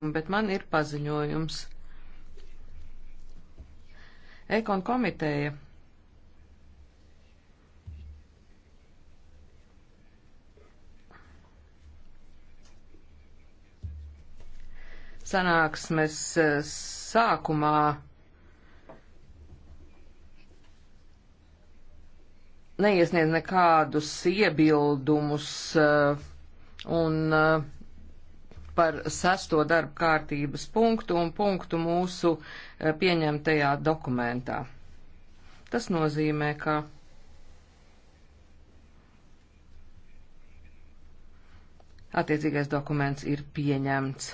bet man ir paziņojums. Ekon komiteja sanāksmes eh, sākumā neiesniedz nekādus iebildumus eh, un uh, par sesto darba kārtības punktu un punktu mūsu eh, pieņemtajā dokumentā. Tas nozīmē, ka attiecīgais dokuments ir pieņemts.